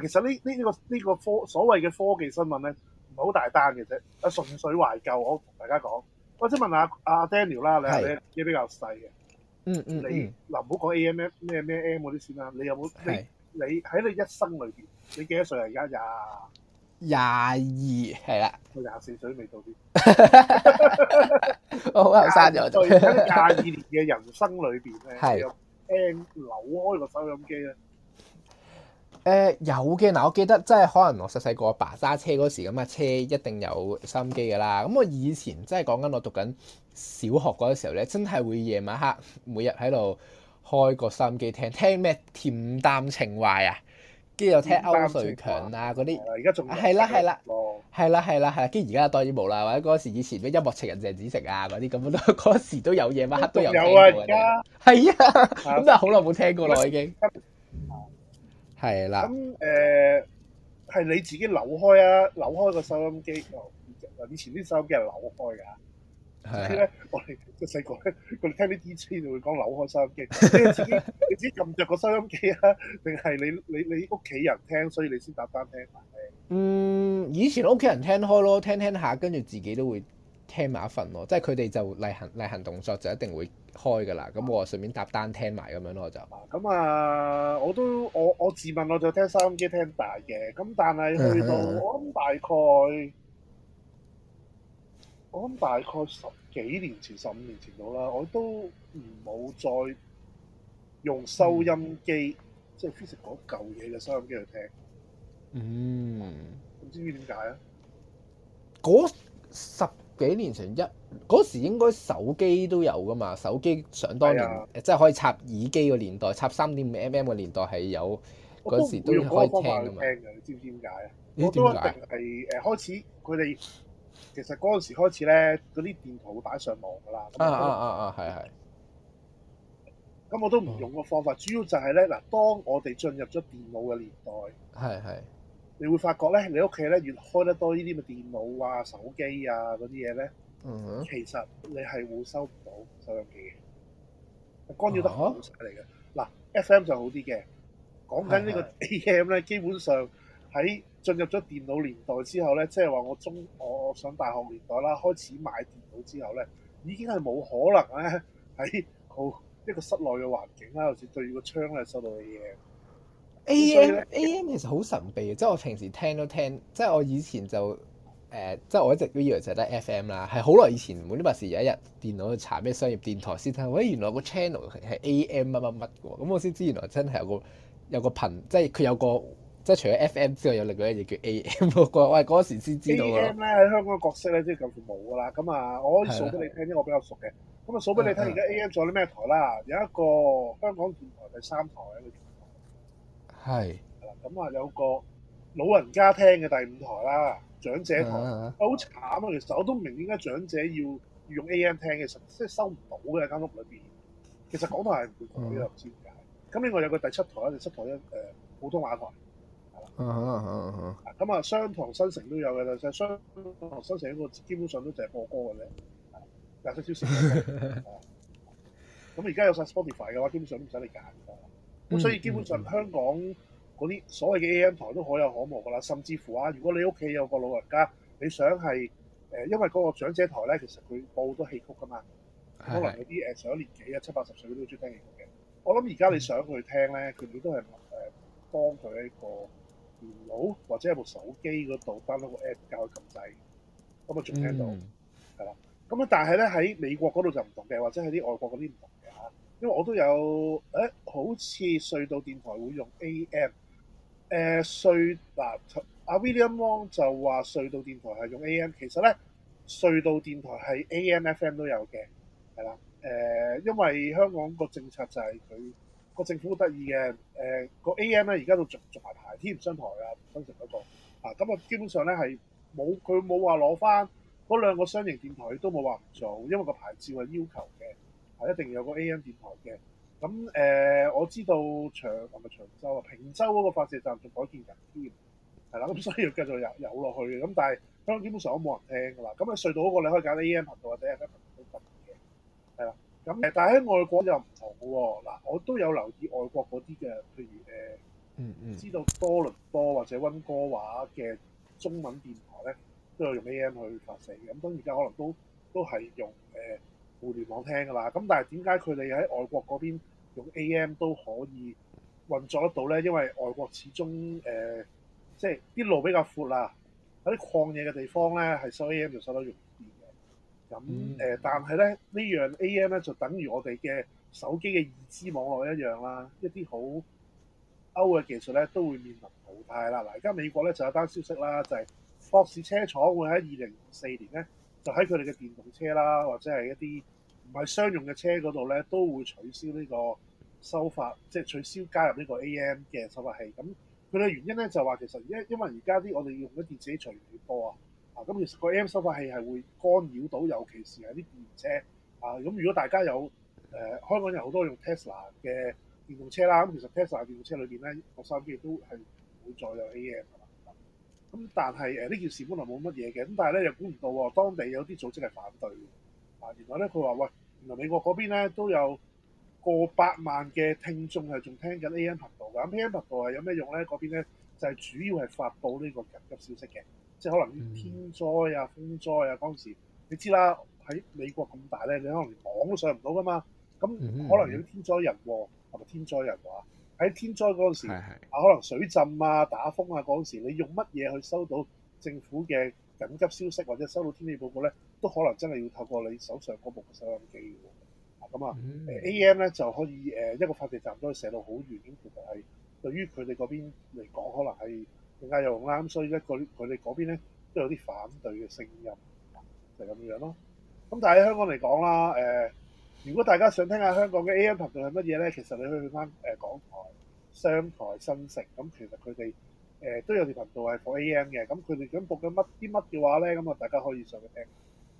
其實呢呢呢個呢個科所謂嘅科技新聞咧，唔係好大單嘅啫，啊純粹懷舊，我同大家講。我先問下阿 Daniel 啦，你係比較細嘅，嗯嗯，你嗱唔好講 AM 咩咩 M 嗰啲先啦。你有冇你喺你，你一生裏邊，你幾多歲啊？而家廿廿二係啦，我廿四歲都未到添，我好後生咗。廿 二，十 二,二年嘅人生裏邊咧，用 M 扭開個收音機咧。誒、呃、有嘅嗱、啊，我記得即係可能我細細個阿爸揸車嗰時咁啊，車一定有收音機㗎啦。咁我以前即係講緊我讀緊小學嗰陣時候咧，真係會夜晚黑每日喺度開個收音機聽聽咩恬淡情懷啊，跟住又聽歐瑞強啊嗰啲，係啦係啦，係啦係啦係。跟住而家多啲無啦，或者嗰時以前咩音樂情人鄭子誠啊嗰啲咁，都嗰時都有夜晚黑都有有啊，而家係啊，咁都係好耐冇聽過啦，我已經。 係啦，咁誒係你自己扭開啊，扭開個收音機。以前啲收音機係扭開㗎，即係咧我哋即細個咧，佢哋聽啲 DJ 就會講扭開收音機。 你自己你自己撳著個收音機啊，定係你你你屋企人聽，所以你先搭單聽？嗯，以前屋企人聽開咯，聽聽下，跟住自己都會聽埋一份咯。即係佢哋就例行例行動作，就一定會。開嘅啦，咁我順便搭單聽埋咁樣咯就。咁啊，啊，我都我我自問我就聽收音機聽大嘅，咁但係去到、嗯、我諗大概，我諗大概十幾年前、十、嗯、五年前到啦，我都唔冇再用收音機、嗯，即係 fix 舊嘢嘅收音機去聽。嗯，唔知點解啊，嗰十幾年前一嗰時應該手機都有噶嘛，手機想當年、啊、即係可以插耳機嘅年代，插三點五 mm 嘅年代係有嗰時都開聽㗎嘛。你知唔知點解啊？我都一定係、呃、開始佢哋其實嗰陣時開始咧，嗰啲電台會擺上網㗎啦。啊啊啊啊，係係。咁我都唔用個方法、哦，主要就係咧嗱，當我哋進入咗電腦嘅年代。係係。你會發覺咧，你屋企咧越開得多呢啲嘅電腦啊、手機啊嗰啲嘢咧，其實你係會收唔到收音機嘅、嗯，干擾得好犀嚟嘅。嗱、啊、FM 就好啲嘅，講緊呢個 AM 咧、嗯，基本上喺進入咗電腦年代之後咧，即係話我中我上大學年代啦，開始買電腦之後咧，已經係冇可能咧喺好一個室內嘅環境啦，好似對住個窗咧收到嘅嘢。A M A M 其實好神秘嘅，即係我平時聽都聽，即係我以前就誒、呃，即係我一直都以為就係得 F M 啦，係好耐以前，冇呢博事，有一日電腦去查咩商業電台先聽，喂，原來個 channel 係 A M 乜乜乜嘅，咁我先知原來真係有個有個頻，即係佢有個即係除咗 F M 之外有另外一樣嘢叫 A M。我我係嗰時先知道啦。A M 咧喺香港嘅角色咧，即係就算冇啦。咁啊，我可以數俾你聽啲、呢個、我比較熟嘅。咁啊，數俾你睇而家 A M 做啲咩台啦？有一個香港電台第三台。係，咁、嗯、啊有個老人家聽嘅第五台啦，長者台，好慘啊！其實我都唔明點解長者要用 AM 聽嘅，實即係收唔到嘅，間屋裏邊。其實港台係唔會俾佢接收嘅。咁、嗯、另外有個第七台啦，第七台一誒、呃、普通話台，咁、嗯嗯嗯嗯、啊商塘新城都有嘅，但係商塘新城嗰個基本上都就係播歌嘅啫，廿四小時。咁而家有晒 Spotify 嘅話，基本上都唔使你揀。咁、嗯嗯、所以基本上香港嗰啲所謂嘅 AM 台都可有可無噶啦，甚至乎啊，如果你屋企有個老人家，你想係誒、呃，因為嗰個長者台咧，其實佢播好多戲曲噶嘛的，可能有啲誒上咗年紀啊，七八十歲都好中意聽戲曲嘅。我諗而家你想佢聽咧，佢、嗯、哋都係誒幫佢一個電腦或者一部手機嗰度 down 一個 app 教佢撳掣，咁啊仲聽到係啦。咁、嗯、啊，但係咧喺美國嗰度就唔同嘅，或者係啲外國嗰啲唔同嘅嚇。因為我都有，誒，好似隧道電台會用 AM，誒、呃，隧道阿、啊、William Wong 就話隧道電台係用 AM，其實咧隧道電台係 AM、FM 都有嘅，係啦，誒、呃，因為香港個政策就係佢個政府好得意嘅，誒、呃，這個 AM 咧而家都續續埋牌添，唔上台啊，分成嗰個，啊，咁、嗯、啊基本上咧係冇，佢冇話攞翻嗰兩個商營電台，都冇話唔做，因為個牌照嘅要求嘅。係一定要有個 AM 電台嘅，咁誒、呃、我知道長係咪長洲啊？平洲嗰個發射站仲改建緊添，係啦，咁所以要繼續有有落去嘅，咁但係香港基本上都冇人聽㗎啦。咁啊隧道嗰個你可以搞啲 AM 頻道或者 FM 頻道都得嘅，係啦。咁誒，但係喺外國又唔同嘅喎。嗱，我都有留意外國嗰啲嘅，譬如誒，呃 mm-hmm. 知道多倫多或者温哥華嘅中文電台咧，都有用 AM 去發射嘅。咁當然而家可能都都係用誒。呃互聯網聽㗎啦，咁但係點解佢哋喺外國嗰邊用 AM 都可以運作得到呢？因為外國始終誒、呃，即係啲路比較闊啦，喺啲曠野嘅地方呢，係收 AM 就收得容易啲嘅。咁、嗯、誒、呃，但係咧呢樣 AM 呢，這個、AM 就等於我哋嘅手機嘅二 G 網絡一樣啦，一啲好歐嘅技術呢，都會面臨淘汰啦。嗱，而家美國呢，就有單消息啦，就係、是、福特車廠會喺二零四年呢。就喺佢哋嘅電動車啦，或者係一啲唔係商用嘅車嗰度咧，都會取消呢個收發，即係取消加入呢個 AM 嘅收發器。咁佢哋嘅原因咧就話，其實因因為而家啲我哋用嘅電子器材越嚟越多啊，啊咁其實個 AM 收發器係會干擾到，尤其是係啲電動車啊。咁如果大家有誒香港有好多用 Tesla 嘅電動車啦，咁其實 Tesla 電動車裏邊咧，個收音機都係唔會再有 AM。咁但係誒呢件事本來冇乜嘢嘅，咁但係咧又估唔到當地有啲組織係反對嘅。啊，原來咧佢話喂，原來美國嗰邊咧都有過百萬嘅聽眾係仲聽緊 AM 頻道㗎。咁、啊、AM 頻道係有咩用咧？嗰邊咧就係、是、主要係發佈呢個緊急消息嘅，即係可能天災啊、mm-hmm. 風災啊嗰陣時，你知啦，喺美國咁大咧，你可能連網都上唔到㗎嘛。咁可能有啲天災人禍，係、mm-hmm. 咪天災人禍？喺天災嗰陣時，啊可能水浸啊、打風啊嗰陣時，你用乜嘢去收到政府嘅緊急消息或者收到天氣報告咧？都可能真係要透過你手上嗰部嘅收音機喎。啊咁、嗯、啊，AM 咧就可以誒、呃、一個發射站都可以射到好遠，咁其實係對於佢哋嗰邊嚟講，可能係更加有用啦。咁所以咧佢佢哋嗰邊咧都有啲反對嘅聲音，就係咁樣咯。咁、啊、但係喺香港嚟講啦，誒、呃。如果大家想聽下香港嘅 AM 頻道係乜嘢咧，其實你可以去翻誒港台、商台、新城咁，其實佢哋誒都有條頻道係放 AM 嘅，咁佢哋想播緊乜啲乜嘅話咧，咁啊大家可以上去聽。